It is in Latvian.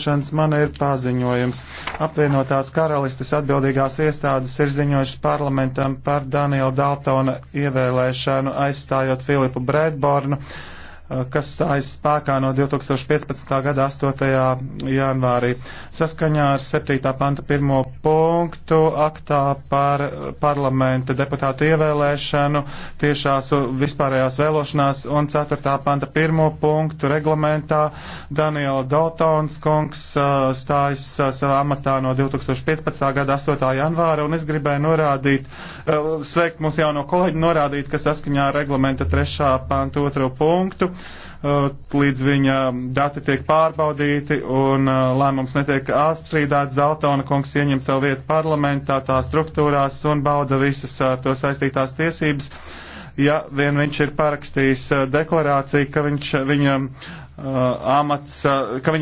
balsošanas man ir paziņojums. Apvienotās karalistes atbildīgās iestādes ir ziņojušas parlamentam par Daniela Daltona ievēlēšanu aizstājot Filipu Bredbornu. Eh, kas stājas spēkā no 2015. gada 8. janvārī. Saskaņā ar 7. panta 1. punktu aktā par parlamenta deputātu ievēlēšanu tiešās vispārējās vēlošanās un 4. panta 1. punktu reglamentā Daniela Daltons kungs eh, stājas eh, savā amatā no 2015. gada 8. janvāra un es gribēju norādīt, Eh, sveikt mūsu jauno kolēģi, norādīt, ka saskaņā ar reglamenta 3. pānta 2. punktu eh, līdz viņa dati tiek pārbaudīti un eh, lēmums netiek apstrīdāts. Daltona kungs ieņem savu vietu parlamentā, tā struktūrās un bauda visas ar to saistītās tiesības. Ja vien viņš ir parakstījis deklarāciju, ka viņš, viņa uh, amats, uh, ka viņa